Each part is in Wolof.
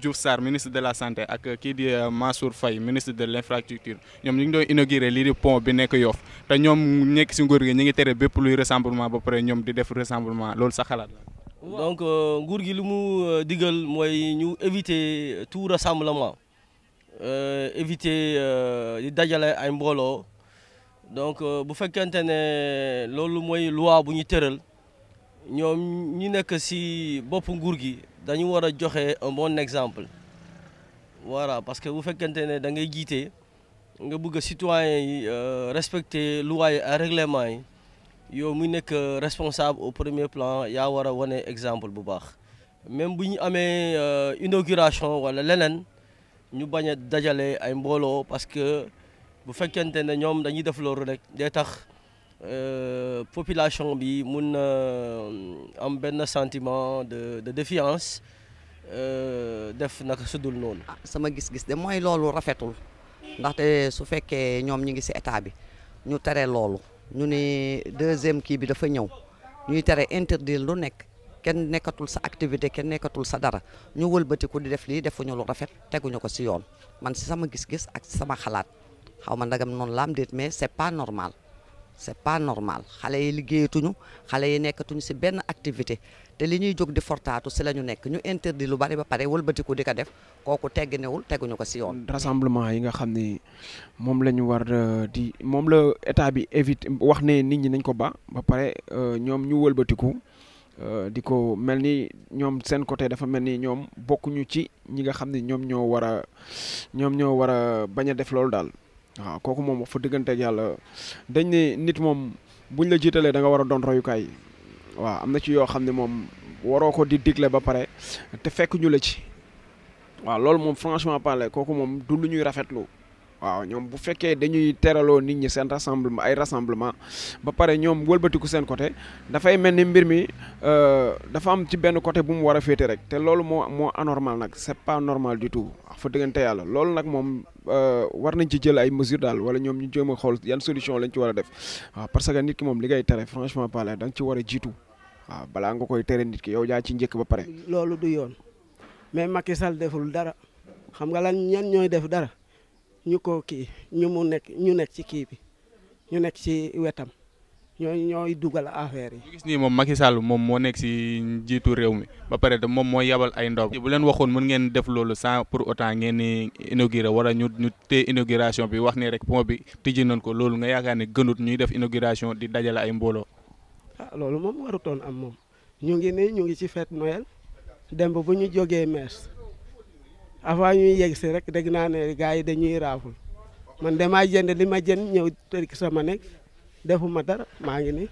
Diouf Sarr ministre de la santé ak kii di euh, Mansour Faye ministre de l' infrastructure ñoom ñu ngi doon inauguré lii di pont bi nekk Yoff te ñoom nekk si nguur gi ñu ngi tere bépp luy rassemblement ba pare ñoom di def rassemblement loolu sa xalaat la. donc euh, nguur gi lu mu euh, digal mooy ñu éviter tout rassemblement éviter di dajale ay mbooloo donc bu fekkente ne loolu mooy loi bu ñu tëral. ñoom ñu nekk si bopp nguur gi dañu war a joxe un bon exemple voilà parce que bu fekkente ne da ngay jiite nga bugg a citoyen yi euh, respecter loi yi ak yi yow mu nekk responsable au premier plan yaa war a wane exemple bu baax même bu ñu amee euh, inauguration walla leneen ñu bañ a dajale ay mbooloo parce que bu fekkente ne ñoom dañuy def loolu rek day tax. Euh, population bi mun na euh, am benn sentiment de de défiance euh, def naka sudul noonu. Ah, sama gis-gis de mooy loolu rafetul ndaxte su fekkee ñoom ñu ngi si état bi ñu tere loolu ñu ne deuxième kii bi dafa ñëw ñuy tere interdire lu nekk kenn nekkatul sa activité kenn nekkatul sa dara ñu wëlbatiku di def lii defuñu lu rafet teguñu ko ci yoon man si sama gis-gis ak sama xalaat xaw ma ndagam noonu laam déet mais c'est pas normal. c'est pas normal xale yi liggéeyatuñu xale yi nekkatuñu si benn activité te li ñuy jóg di fortaatu si la ñu nekk ñu interdit lu bari ba pare wëlbatiku di ko def kooku tegginewul teguñu ko ci yoon. rassemblement yi nga xam ni moom la ñu war euh, di moom la état bi évite wax ne nit ñi nañ ko ba ba pare euh, ñoom ñu wëlbatiku euh, di ko mel ni ñoom seen côté dafa mel ni ñoom bokkuñu ci ñi nga xam ni ñoom ñoo war a ñoom ñoo war a bañ a def loolu daal. waaw kooku moom wax diggante dëgganteeg yàlla dañ ne nit moom buñ la jiitalee da nga war a doon royukaay waaw am na ci yoo xam ne moom waroo ko di digle ba pare te fekk ñu la ci waaw loolu moom franchement parler kooku moom du lu ñuy rafetlu. waaw ñoom bu fekkee dañuy teraloo nit ñi seen rassemblement ay rassemblement ba pare ñoom wëlbatiku seen côté dafay mel ni mbir mi euh, dafa am ci benn côté bu mu war a féete rek te loolu moo moo anormal nag c'est pas normal du tout wax fa yàlla loolu nag moom euh, war nañ ci jël ay mesures daal wala ñoom ñu jéem a xool yan solution lañ ci war a def parce que nit ki moom li ngay tere franchement parler da nga ci war a jiitu waaw balaa nga koy tere nit ki yow jaa ci njëkk ba pare. loolu du yoon mais Macky Sall deful dara xam nga lan ñan ñooy def dara. ñu ko kii ñu mu nekk ñu nekk ci kii bi ñu nekk ci wetam ñooy ñooy dugal affaire yi. ñu gis nii moom Macky Sall moom moo nekk si njiitu réew mi ba pare moom moo yabal ay ndaw. bu leen waxoon mën ngeen def loolu sans pour autant ngeen ni inauguré wala ñu ñu téye inauguration bi wax ni rek pont bi tijji nañ ko loolu nga yaakaar ne gënut ñuy def inauguration di dajale ay mbooloo. ah loolu moom warutoon am moom ñu ngi nii ñu ngi ci fête Noël dem bu ñu jógee mers avant ñuy yegg rek dégg naa ne gars yi dañuy raaful man demaa jënd li ma jënd ñëw tërik sama nekk defuma dara maa ngi ni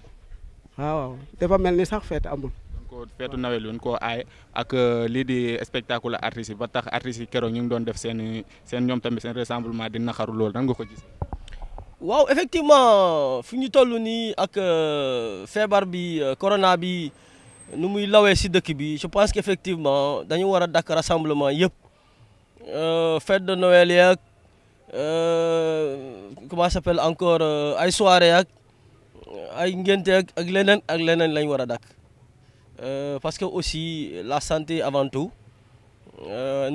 waaw dafa mel ni sax feet amul. ko feetu nawet bi ko aay ak euh, lii di spectacle artistes yi ba tax artistes yi keroog ñu ngi doon def seen seen ñoom tamit seen rassemblement di naxaru loolu nan nga ko gis. waaw effectivement fi ñu toll nii ak euh, feebar bi euh, corona bi nu muy lawee si dëkk bi je pense que effectivement dañu war a dakk rassemblement yëpp. Euh, fête de Noël yaag euh, comment ça s'appelle encore euh, ay soir yaag ay ngénte yaag ak leneen ak leneen lañ war a dakk parce que aussi la santé avant tout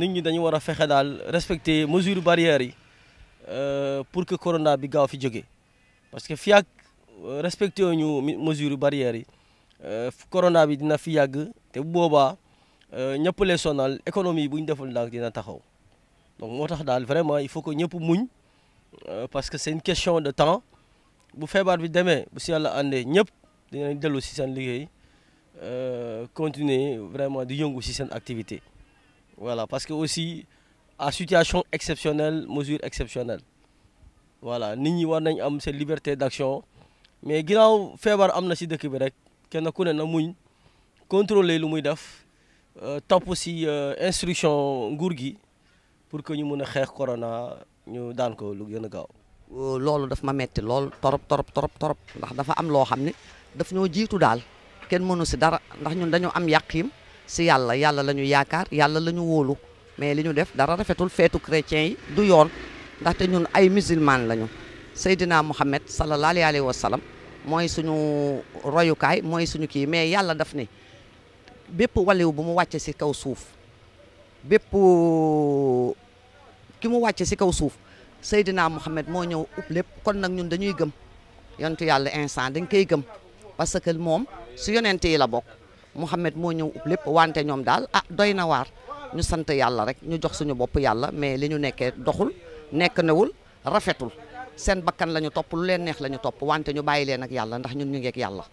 nit ñi dañu war a fexe daal respecter mesures barrières yi pour que corona bi gaaw fi jóge parce que fii ak respecté wu ñu mesures barrières yi corona bi dina fi yàgg te bu boobaa ñëpp lay sonal économie bu ñu deful ndànk dina taxaw. donc moo tax daal vraiment il faut que ñëpp muñ euh, parce que c'est une question de temps bu feebar bi demee bu si yàlla àndee ñëpp dinañ dellu si seen liggéey euh, continuer vraiment di yongu si seen activité voilà parce que aussi à situation exceptionnelle mesure exceptionnelle voilà nit ñi war nañ am seen liberté d'action mais ginnaaw feebar am na si dëkk bi rek kenn ku ne na muñ contrôler lu muy def euh, topp si instruction nguur gi pour que ñu mën a xeex corona ñu daan ko lu gën a gaaw. Euh, loolu dafa ma metti lool torop torop torop torop ndax dafa am loo xam ne daf ñoo jiitu daal kenn mënu si dara ndax ñun dañoo am yàqiim si yàlla yàlla la ñu yaakaar yàlla la ñu wóolu mais li ñu def dara rafetul feetu chrétien yi du yoon ndaxte ñun ay musulman lañu Seydina Muhammad sallallahu alayhi wa sallam mooy suñu royukaay mooy suñu kii mais yàlla daf ni bépp waliw bu mu wàcce si kaw suuf bépp ki mu wàcce si kaw suuf Seydina Muhammad moo ñëw ub lépp kon nag ñun dañuy gëm yontu yàlla instant dañ koy gëm parce que moom su yonent yi la bokk Muhammad moo ñëw ub lépp wante ñoom daal ah doy na waar ñu sant yàlla rek ñu jox suñu bopp yàlla mais li ñu nekkee doxul nekk newul rafetul seen bakkan la ñu topp lu leen neex la ñu topp wante ñu bàyyi leen ak yàlla ndax ñun ñu ngeek yàlla